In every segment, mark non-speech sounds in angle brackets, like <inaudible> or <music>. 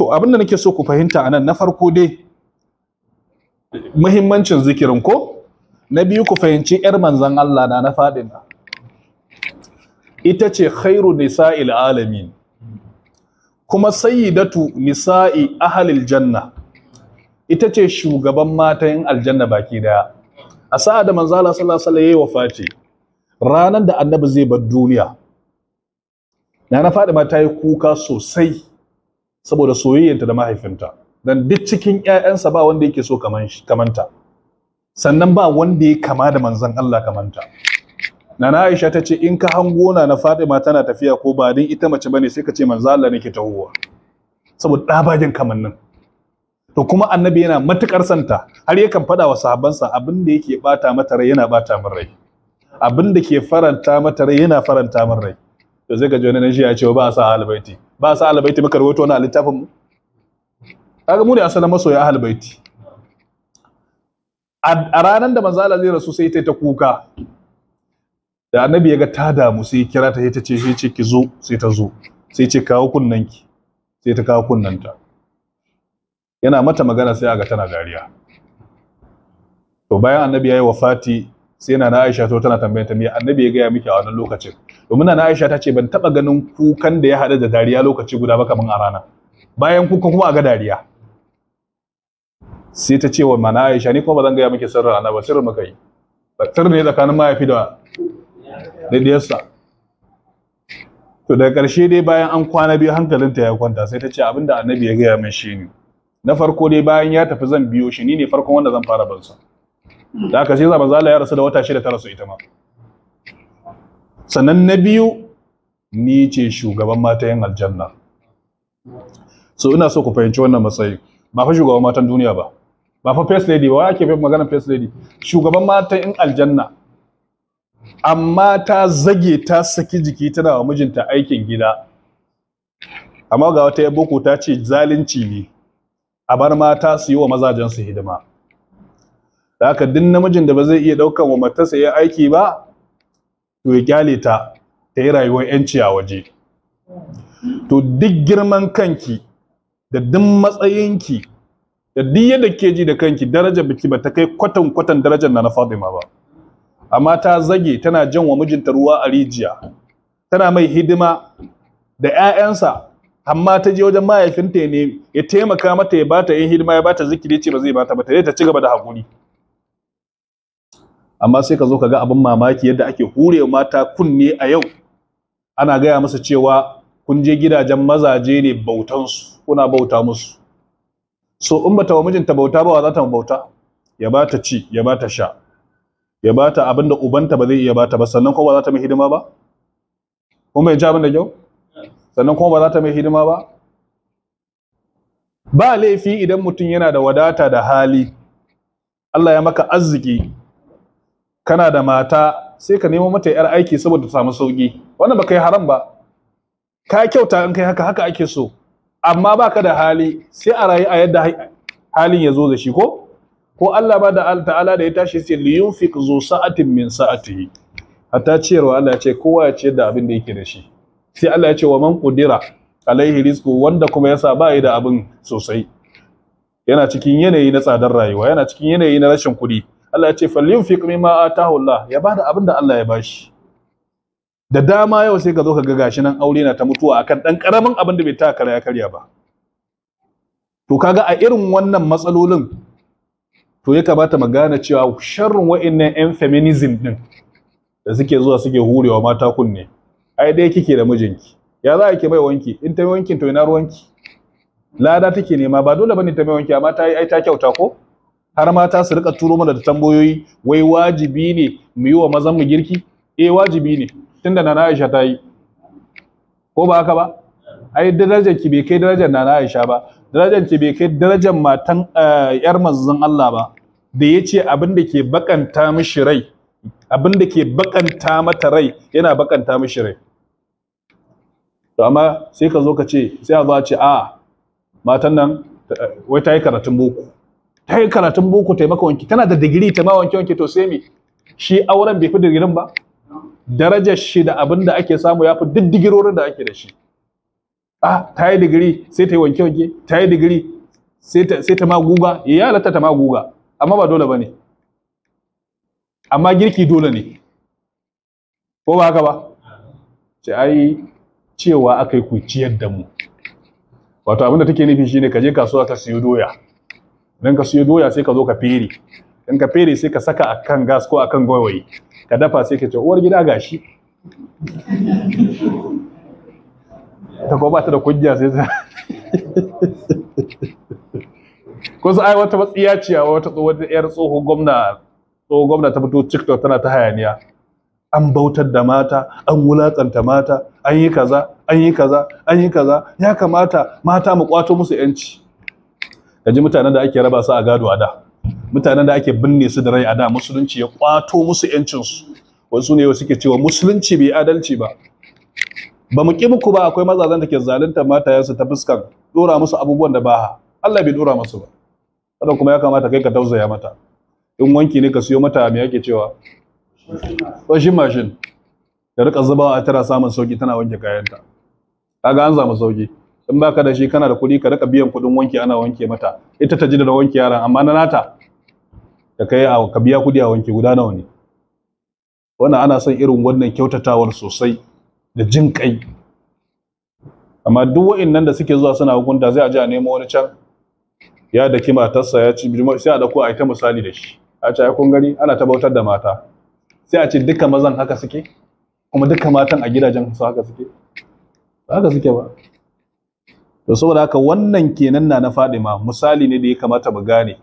to abinda nake so ku fahimta anan na farko dai muhimmancin zikirin ko na biyu ku fahimci yar manzon Allah na na ta ita ce khairu nisa'il alamin kuma sayyidatu nisa'i ahlil janna ita ce shugaban matan aljanna baki daya a sa'a da manzo Allah sallallahu alaihi wasallam yayi ranan da annabi zai bar duniya na na Fadima ta yi kuka sosai saboda soyayyanta da mahaifinta dan duk cikin ƴaƴansa ba wanda yake so kaman kamanta sannan ba wanda ya kama da manzon Allah kamanta Nana Aisha ta ce in ka hango na na Fatima tana tafiya ko ba din ita mace bane sai ka ce manzo Allah nake tahowa saboda ɗabagen kamannin to kuma annabi yana matukar santa har yakan faɗa wa sahabbansa abin da yake bata mata rai yana bata min rai abin da ke faranta mata rai yana faranta min rai to zai ka ji wani shi ya ce ba sa albaiti ba sa albaiti muka rubuta wani littafin mu kaga mu ne asalin masoya albaiti a ranar da manzala zai rasu sai ta ta kuka da annabi ya ga ta damu sai kira ta ta ce sai ce ki zo sai ta zo sai ce kawo kunnanki sai ta kawo kunnanta yana mata magana sai ga tana dariya to bayan annabi ya yi wafati sai na Aisha to tana tambayar ta me annabi ya gaya miki a wannan lokacin domin na Aisha ta ce ban taba ganin kukan da ya hada da dariya lokaci guda ba kaman a rana bayan kuka kuma a ga dariya sai ta ce wa mana Aisha ni kuma ba zan gaya miki sirrin annabi sirrin muka yi sirrin ne tsakanin mahaifi da da diyarsa to daga ƙarshe dai bayan an kwana biyu hankalinta ya kwanta sai ta ce abinda annabi ya gaya min shi ne na farko dai bayan ya tafi zan biyo shi ni ne farkon wanda zan fara bansa da aka sai manzo Allah ya rasu da wata shida ta rasu ita ma sannan na biyu ni ce shugaban yin aljanna so ina so ku fahimci wannan matsayi ba fa shugaban matan duniya ba ba fa first lady wa ake magana first lady shugaban yin aljanna amma ta zage ta saki jiki tana wa mijinta aikin gida amma ga wata yabo boko ta ce zalunci ne a bar mata su yi wa mazajensu hidima da haka duk namijin da ba zai iya ɗaukan wa matarsa ya aiki ba to ya kyale ta ta yi rayuwar yanci a waje to duk girman kanki da duk matsayinki da duk yadda ke ji da kanki daraja biki ba ta kai kwatan kwatan darajar na na fadima ba amma ta zage tana jan wa mijinta ruwa a rijiya tana mai hidima da ƴaƴansa. amma ta je wajen mahaifinta ne ya taimaka mata ya bata yin hidima ya bata zikiri ce ba zai bata ba ta ta ci gaba da haƙuri amma sai ka zo ka ga abin mamaki yadda ake hure mata kunne a yau ana gaya musu cewa kun je gidajen mazaje ne bautansu kuna bauta musu so in bata wa mijinta bauta ba wa za ta bauta ya ba ta ci ya ba ta sha ya ba ta abin da ubanta ba zai iya ba ta ba sannan kuma ba za ta mai hidima ba kuma bai ji abin da kyau sannan kuma ba za ta mai hidima ba ba laifi idan mutum yana da wadata da hali Allah ya maka arziki kana da mata sai ka nemo mata yar aiki saboda ta samu sauki wannan ba kai haram ba ka kyauta in kai haka haka ake so amma baka da hali sai a rayu a yadda halin ya zo da shi ko ko Allah ba da ta'ala da ya tashi sai li yunfiq zu sa'atin min sa'atihi hatta ciyarwa Allah ya ce kowa ya ciyar da abin da yake da shi sai Allah ya ce wa man qudira alaihi rizqu wanda kuma yasa ba yi da abin sosai yana cikin yanayi na tsadar rayuwa yana cikin yanayi na rashin kuɗi Allah ya ce falyunfiq mimma atahu Allah ya bada abin da Allah ya bashi da dama yau sai ka zo ka ga gashi nan aure na ta mutuwa akan ɗan karamin abin da bai ta kara ya karya ba to kaga a irin wannan matsalolin to ya kamata mu gane cewa sharrin wa'annan yan feminism din da suke zuwa suke hurewa mata kunne ai dai kike da mijinki ya za ki mai wanki in ta mai wankin to ina ruwanki lada take nema ba dole bane ta mai wanki amma ta yi ai ta kyauta ko har mata su rika turo mana da tambayoyi wai wajibi ne mu yi wa mazan mu girki eh wajibi ne tunda nana Aisha ta yi ko ba haka ba ai darajar ki bai kai darajar nana Aisha ba darajar ki bai kai darajar matan eh, yar manzon Allah ba da yace abin da ke bakanta mishi rai abin da ke bakanta mata rai yana bakanta mishi rai to amma sai ka zo ka ce sai a zo a ce a ah, matan nan eh, wai ta yi karatun boko ta yi karatun boko ta wanki tana da digiri ta ma wanke wanke to sai me shi auren bai fi digirin ba darajar shi da abin da ake samu ya fi duk digirorin da ake da shi ah ta yi digiri sai ta yi wanke wanke ta yi digiri sai ta sai ta ma guga eh, ya halatta ta ma guga amma ba dole bane amma girki dole ne ko ba haka ba ce ai cewa akai ku ciyar da mu wato abin da take nufi shine ne kaje kasuwa ka siyo doya dan ka siyo doya sai ka zo ka fere in ka fere sai ka saka a kan gas ko a kan gawayi ka dafa sai ka ce uwar gida gashi ta ko ba ta da kunya sai ta <laughs> ko sai wata matsiya ce wata wata yar tsoho gwamna tsoho gwamna ta fito TikTok tana ta hayaniya an bautar da mata an wulatsanta mata an yi kaza an yi kaza an yi kaza ya kamata mata mu kwato musu yanci kaji mutanen da ake raba su a gado a da mutanen da ake binne su da rai a da musulunci ya kwato musu yancin su wasu ne suke cewa musulunci bai adalci ba ba mu ki muku ba akwai mazazan da ke zalunta matayensu ta fuskar dora musu abubuwan da baha. Allah bai dora musu ba Kada kuma ya kamata kai ka tausaya mata in wanki ne ka siyo mata me yake cewa washing machine da rika zubawa tara samun sauki tana wanke kayanta kaga an samu sauki in baka da shi kana da kuɗi ka rika biyan kuɗin wanki ana wanke mata ita ta ji da wanke yaran amma na nata ka kai ka biya kuɗi a wanke guda nawa ne wannan ana son irin wannan kyautatawar sosai da jin kai amma duk wa'annan da suke zuwa suna hukunta zai a ji a nemo wani can ya da ki matarsa ya ci sai a dauko a ita misali da shi a ce ai kun gani ana ta bautar da mata sai a ce duka mazan haka suke kuma duka matan a gidajen su haka suke ba haka suke ba to saboda haka wannan kenan na na Fadima misali ne da ya kamata mu gane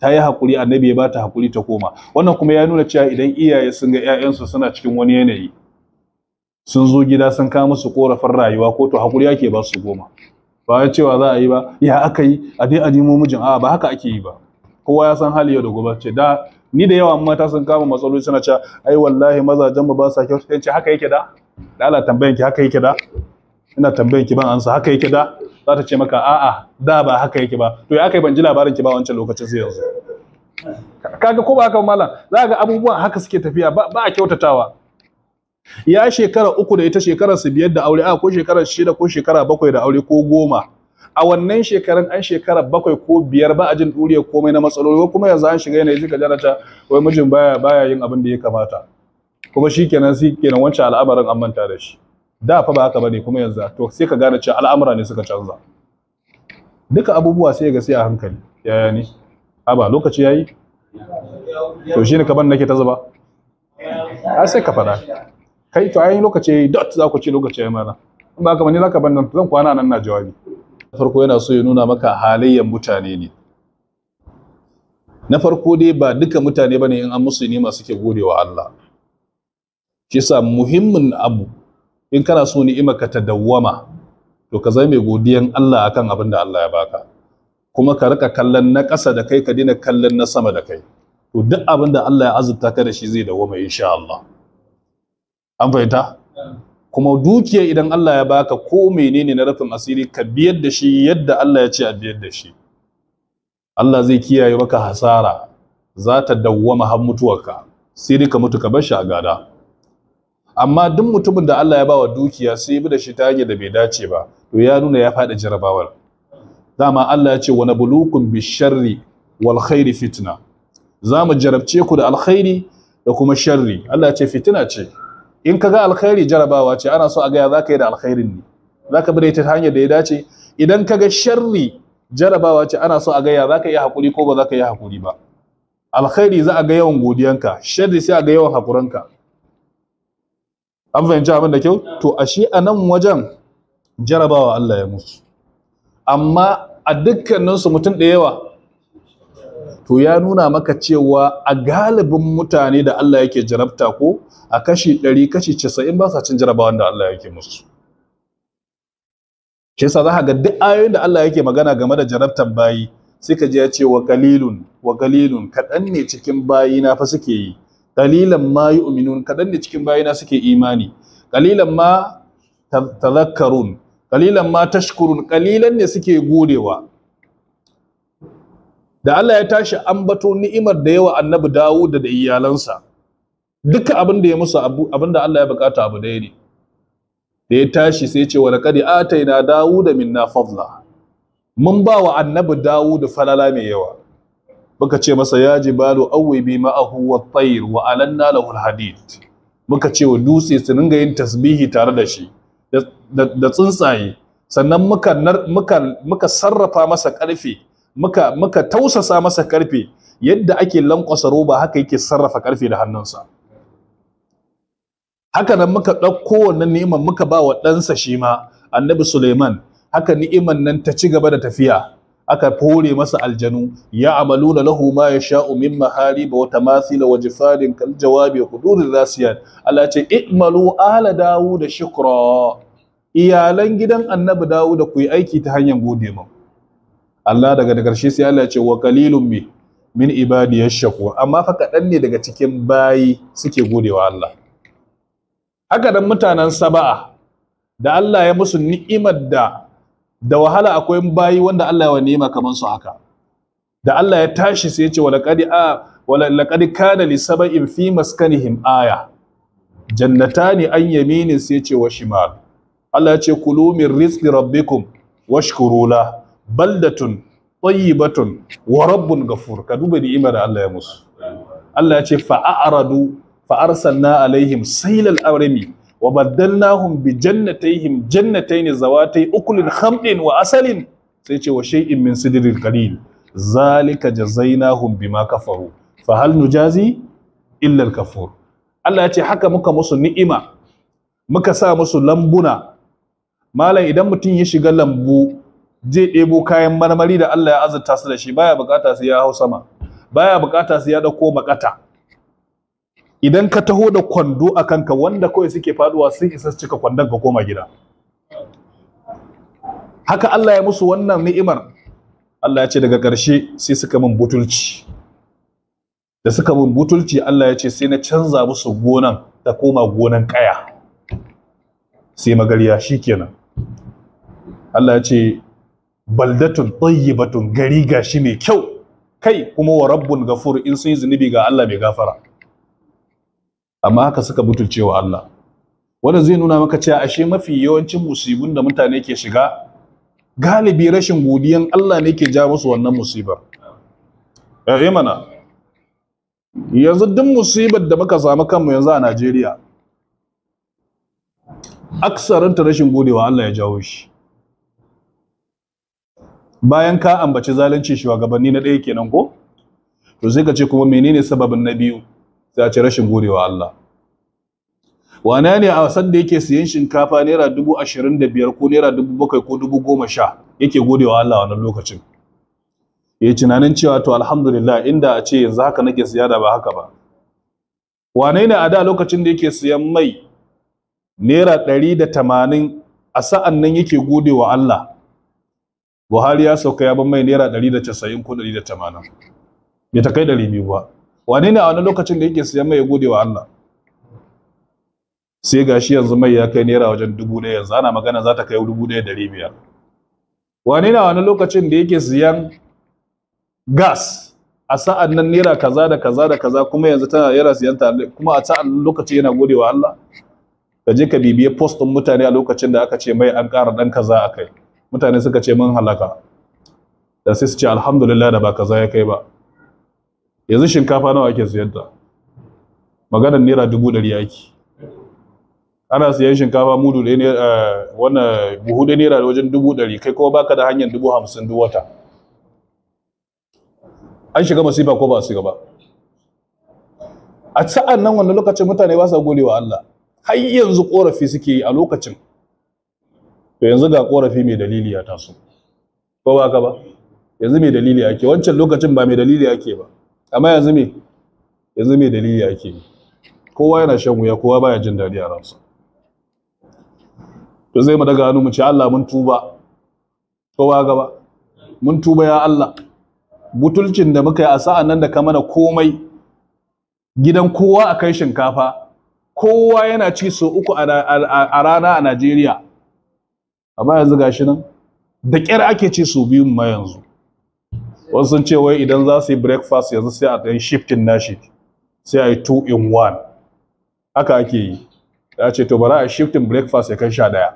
ta yi hakuri annabi ya ba ta hakuri ta koma wannan kuma ya nuna cewa idan iyaye sun ga ƴaƴansu suna cikin wani yanayi sun zo gida sun kawo musu korafin rayuwa ko to hakuri yake ba su goma ba ya cewa za a yi ba ya aka yi a dai a nemo mijin a ba haka ake yi ba kowa ya san hali yau da gobe ce da ni da yawa mata sun kama matsaloli suna cewa ai wallahi mazajen mu ba sa kyau ce haka yake da da Allah tambayan haka yake da ina tambayan ki ban ansa haka yake da za ta ce maka a'a da ba haka yake ba to ya kai ban ji labarin ki ba wancan lokacin sai yanzu kaga ko ba haka malam za ga abubuwan haka suke tafiya ba a kyautatawa ya shekara uku da ita shekarar su biyar da aure a ko shekara shida ko shekara bakwai da aure ko goma a wannan shekarun an shekara bakwai ko biyar ba a jin ɗuriya komai na matsaloli ko kuma yanzu an shiga yanayi suka jarata wai mijin baya baya yin abin da ya kamata kuma shikenan kenan wancan al'amarin an manta da shi da fa ba haka bane kuma yanzu to sai ka gane cewa al'amura ne suka canza duka abubuwa sai ga sai a hankali yaya ne a ba lokaci yayi to shine ka ban nake ta zuba a sai ka fada kai to ayin lokaci yayi dot za ku ce lokaci yayi mana in ba haka bane za ka ban nan zan kwana nan na jawabi farko yana so ya nuna maka halayyan mutane ne na farko dai ba duka mutane bane in an musu ne masu ke gode wa Allah shi yasa muhimmin abu in kana so ni'imar ka ta dawwama to ka zai mai godiyan Allah akan abin da Allah ya baka kuma ka rika kallon na ƙasa da kai ka dina kallon na sama da kai to duk abin da Allah ya azurta ka da shi zai dawwama insha Allah an fahimta kuma dukiya idan Allah ya baka ko menene na rufin asiri ka biyar da shi yadda Allah ya ce a biyar da shi Allah zai kiyaye maka hasara za ta dawwama har mutuwarka sai dai ka mutu ka bar shi a gada amma duk mutumin da Allah ya ba wa dukiya sai ya bi da shi ta hanyar da bai dace ba to ya nuna ya faɗi jarabawar dama Allah ya ce wa nabluukum bisharri wal khairi fitna za mu jarabce ku da alkhairi da kuma sharri Allah ya ce fitina ce in ka ga alkhairi jarabawa ce ana so a ga ya zaka yi da alkhairin ne zaka bi da ita hanyar da ya dace idan ka ga sharri jarabawa ce ana so a ga ya zaka yi hakuri ko ba zaka yi hakuri ba alkhairi za a ga yawan godiyanka sharri sai a ga yawan hakuranka an fahimci abin da kyau to ashe a nan wajen jarabawa Allah ya musu amma a dukkaninsu mutum da yawa to ya nuna maka cewa a galibin mutane da Allah yake jarabta ko a kashi 100 kashi 90 ba sa cin jarabawan da Allah yake musu shi sa za ka ga duk ayoyin da Allah yake magana game da jarabtan bayi sai ka ji ya ce wa qalilun wa qalilun kadan ne cikin bayi na fa suke yi qalilan ma yu'minun kadan ne cikin bayina suke imani qalilan ma tadhakkarun qalilan ma tashkurun qalilan ne suke godewa da Allah ya tashi ambato ni'imar da yawa annabi Dawud da iyalansa duka abin da ya musu abin da Allah ya bukata abu da ne da ya tashi sai ya ce wa laqad ataina Dawuda minna fadla mun ba wa annabi Dawud falala mai yawa muka ce masa ya jibalu bi ma'ahu wa tayr wa alanna lahu hadid muka ce wa dutse su ringa yin tasbihi tare da shi da tsuntsaye sannan muka muka muka sarrafa masa karfe muka muka tausasa masa karfe yadda ake lankwasa roba haka yake sarrafa karfe da hannunsa haka nan muka ɗauko wannan ni'imar muka ba wa ɗansa shi ma annabi Suleiman haka ni'imar nan ta ci gaba da tafiya aka fore masa aljanu ya na lahu ma sha'u min wata masu ila wa jifadin kan jawabi hudurir rasiyat Allah ce i'malu ala da shukura iyalan gidan annabi da ku yi aiki ta hanyar gode mu Allah daga da ƙarshe sai Allah ce wa kalilun mi min ya shaku amma fa kaɗan ne daga cikin bayi suke godewa Allah haka dan mutanen saba'a da Allah ya musu ni'imar da da wahala akwai bayi wanda Allah ya nema kaman su haka da Allah ya tashi sai ya ce walaqad a walaqad kana li sab'in fi maskanihim aya jannatani an yamini sai ya ce wa shimal Allah ya ce kulu min rizqi rabbikum washkuru la baldatun tayyibatun wa rabbun ghafur ka duba ni'ima da Allah ya musu Allah ya ce fa'aradu fa arsalna alaihim saylal arimi wa baddalnahum bi jannatayhim jannatayn zawatay ukulin khamdin wa asalin sai ce wa shay'in min sidril qalil zalika jazainahum bima kafaru fa hal nujazi illa al kafur Allah ya ce haka muka musu ni'ima muka sa musu lambuna malam idan mutum ya shiga lambu zai ɗebo kayan marmari da Allah ya azurta su da shi baya bukata sai ya hau sama baya bukata sai ya dauko makata idan ka taho da kwando a kanka wanda kawai suke faduwa sun isa cika kwandon ka koma gida haka Allah ya musu wannan ni'imar Allah ya ce daga ƙarshe sai suka min butulci da suka min butulci Allah ya ce sai na canza musu gonan ta koma gonan ƙaya sai magariya shikenan Allah ya ce baldatun tayyibatun gari gashi mai kyau kai kuma wa rabbun gafur in sun yi zunubi ga Allah mai gafara amma haka suka butulcewa Allah wanda zai nuna maka cewa ashe mafi yawancin musibun da mutane ke shiga galibi rashin godiyan Allah ne ke ja musu wannan musibar eh mana yanzu duk musibar da muka samu kanmu yanzu a Najeriya ta rashin godewa Allah ya jawo shi bayan ka ambaci zalunci shugabanni na ɗaya kenan ko to sai ka ce kuma menene sababin na biyu sai a ce rashin godewa Allah wane ne a san da yake siyan shinkafa naira dubu ashirin da biyar ko naira dubu bakwai ko dubu goma sha yake godewa Allah wannan lokacin ya tunanin cewa to alhamdulillah inda a ce yanzu haka nake siya da ba haka ba wane ne a da lokacin da yake siyan mai naira ɗari da tamanin a sa'an nan yake godewa Allah Buhari ya sauka ya ban mai naira ɗari da casa'in ko ɗari da tamanin bai ta kai ɗari biyu ba wane ne a wani lokacin da yake siyan mai ya gode wa Allah sai gashi yanzu mai ya kai naira wajen dubu ɗaya yanzu ana magana za ta kai dubu ɗaya ɗari biyar wane ne a wani lokacin da yake siyan gas a sa'an nan naira kaza da kaza da kaza kuma yanzu tana naira siyan ta kuma a sa'an lokaci yana gode wa Allah ka je ka bibiye post ɗin mutane a lokacin da aka ce mai an ƙara ɗan kaza a kai mutane suka ce mun halaka da sai su ce alhamdulillah da ba kaza ya kai ba yanzu shinkafa nawa ake siyar ta maganar naira dubu ɗari ake ana siyan shinkafa mudu ɗaya ne eh, wannan buhu ɗaya naira da wajen dubu ɗari kai kuma baka da hanyar dubu hamsin duk wata an shiga masifa ko ba su shiga ba a sa'an nan wannan lokacin mutane ba sa wa Allah har yanzu korafi suke yi a lokacin to yanzu ga korafi mai dalili ya taso ko ba ka ba yanzu mai dalili ake wancan lokacin ba mai dalili ake ba amma yanzu me yanzu me dalili ake kowa yana shan wuya kowa baya jin daɗi a ransa to zai mu daga hannu mu ce Allah mun tuba kowa gaba mun tuba ya Allah butulcin da muka yi a sa'an nan da ka mana komai gidan kowa a kai shinkafa kowa yana ci so uku a rana a Najeriya amma yanzu gashi nan da ƙyar ake ci so biyun ma yanzu wasu sun ce wai idan za su yi breakfast yanzu sai a ɗan shifting nashi sai a yi two in one haka ake yi ya ce to bara a shifting breakfast ya kai sha ɗaya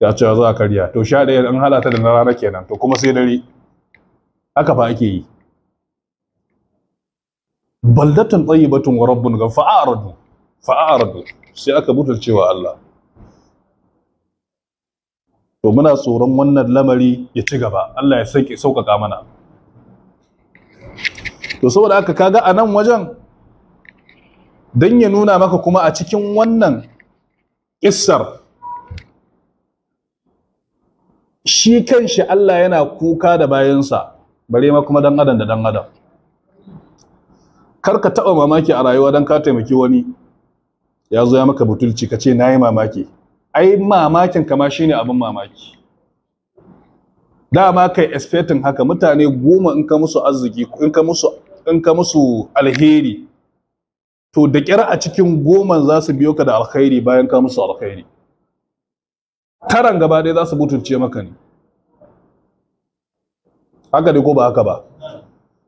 ya ce za a karya to sha ɗaya an halata da na rana kenan to kuma sai dare haka fa ake yi baldatun batun wa rabbun ga fa'aradu fa'aradu sai aka wa Allah to muna tsoron wannan lamari ya ci gaba Allah ya sauƙaƙa mana to saboda haka kaga a nan wajen don ya nuna maka kuma a cikin wannan ƙissar shi kan shi Allah yana kuka da bayansa bare ma kuma dan adam da dan adam kar ka taɓa mamaki a rayuwa don ka taimaki wani ya zo ya maka butulci ka ce na yi mamaki ai mamakin kama shine abin mamaki dama kai expecting haka mutane goma in ka musu arziki in ka musu in ka musu alheri to da ƙyar a cikin goma za su biyo ka da alkhairi bayan ka musu alkhairi taran gaba ɗaya za su butulce maka ne haka ne ko ba haka ba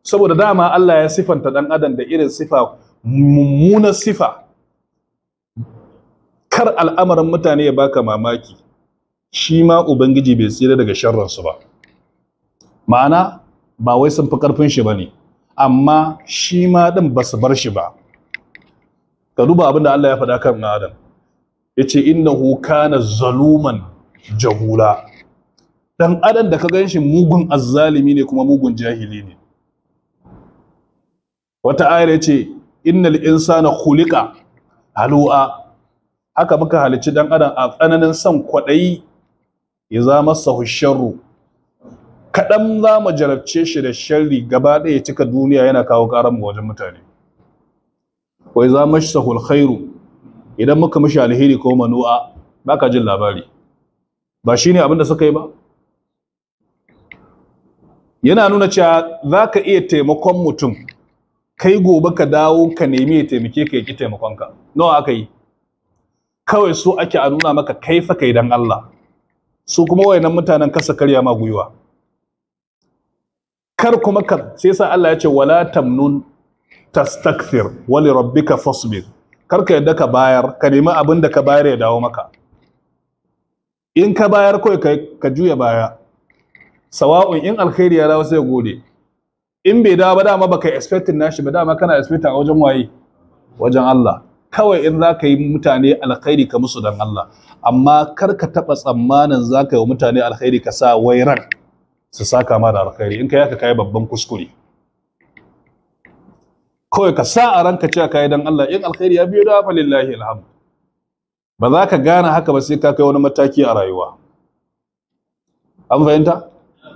saboda dama Allah ya sifanta dan adam da irin sifa mummuna sifa kar al'amarin mutane ya baka mamaki shi ma ubangiji bai tsira daga sharransu ba ma'ana ba wai sun fi karfin shi bane amma shi ma ɗin ba su bar shi ba ka duba abin da Allah ya faɗa kan Adam ya ce huka na zaluman jahula dan adam da ka ganshi mugun azzalimi ne kuma mugun jahili ne wata ayar ya ce innal na kulika, halu'a haka muka halici ɗan adam a tsananin son kwaɗayi ya za masa sharru kaɗan za mu jarabce shi da sharri gaba ɗaya cika duniya yana kawo ƙaran mu wajen mutane wai za mashi sahul khairu idan muka mishi alheri ko manu'a ba ka jin labari ba shi ne da suka yi ba yana nuna cewa za ka iya taimakon mutum kai gobe ka dawo ka nemi ya taimake ka ya ki taimakonka nawa aka yi kawai so ake a nuna maka kai fa kai dan Allah su kuma wayannan mutanen kasa karya ma gwiwa kar kuma kar sai sa Allah ya ce wala tamnun tastakthir wa li rabbika fasbir kar ka yadda ka bayar ka nemi abin da ka bayar ya dawo maka in ka bayar kawai ka juya baya sawa'un in alkhairi ya dawo sai gode in bai dawo ba dama baka na nashi ba dama kana expect a wajen waye wajen Allah kawai in za ka yi mutane alkhairi ka musu dan Allah amma kar ka taɓa tsammanin za ka yi mutane alkhairi ka sa wairar. su saka ma da alkhairi in kai haka kai babban kuskure kawai ka sa a ranka cewa kai dan Allah in alkhairi ya biyo da fa lillahi alhamd ba za ka gane haka ba sai ka kai wani mataki a rayuwa an fahimta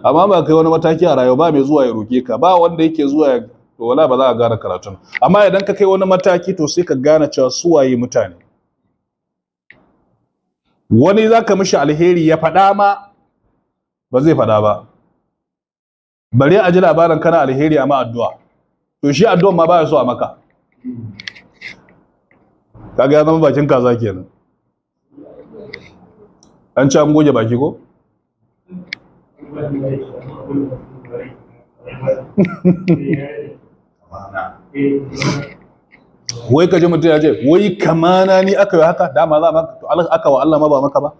amma ba kai wani mataki a rayuwa ba mai zuwa ya roke ka ba wanda yake zuwa ya to wala ba za ka gane karatun amma idan ka kai wani mataki to sai ka gane cewa su waye mutane wani za ka mishi alheri ya faɗa ma ba zai faɗa ba bari a ji labarin kana alheri a addu'a to shi addu'an ma baya so a maka kaga ya zama bakin kaza kenan an ci an goge baki ko <laughs> wai ka ji mutum ya ce wai kamana ni aka yi haka dama za maka to aka wa Allah ma ba maka ba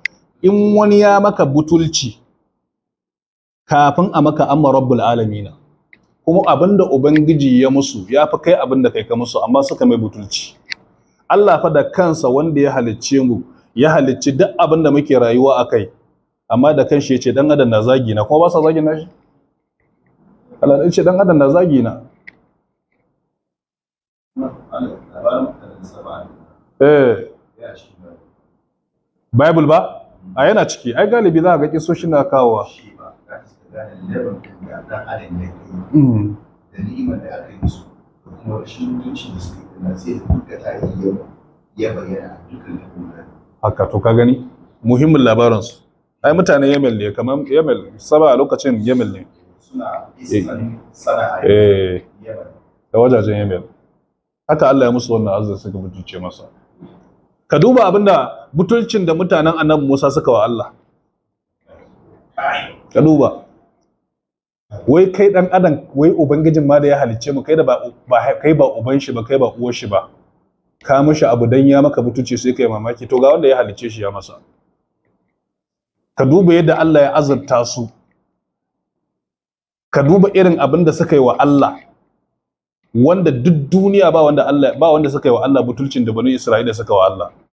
in wani ya maka butulci kafin a maka amma rabbul alamina kuma abinda ubangiji ya musu ya fi kai abinda kai ka musu amma suka mai butulci Allah fa da kansa wanda ya halicce mu ya halicci duk abinda muke rayuwa a kai amma da kanshi ya ce dan adam na zagi na kuma ba sa zagi na shi Allah ya ce dan adam na zagi na eh Bible ba a yana ciki ai galibi za ka ga shi na kawowa haka to ka gani muhimmin labarin su ai mutane Yemen ne kamar Yemen saba a lokacin Yemen ne suna eh, sana'a eh, da wajajen Yemen haka Allah ya musu wannan arzikin suka mutunce masa ka duba abinda mutuncin da mutanen annabi Musa suka wa Allah ka duba wai kai dan adam wai ubangijin ma da ya halicce mu kai da ba kai ba uban shi ba kai ba uwar shi ba ka mishi abu dan ya maka mutunci sai kai mamaki to ga wanda ya halicce shi ya masa ka duba yadda Allah ya azurta su ka duba irin abin da suka yi wa Allah wanda duk duniya ba wanda Allah ba wanda suka yi wa Allah butulcin da bani Isra'ila suka wa Allah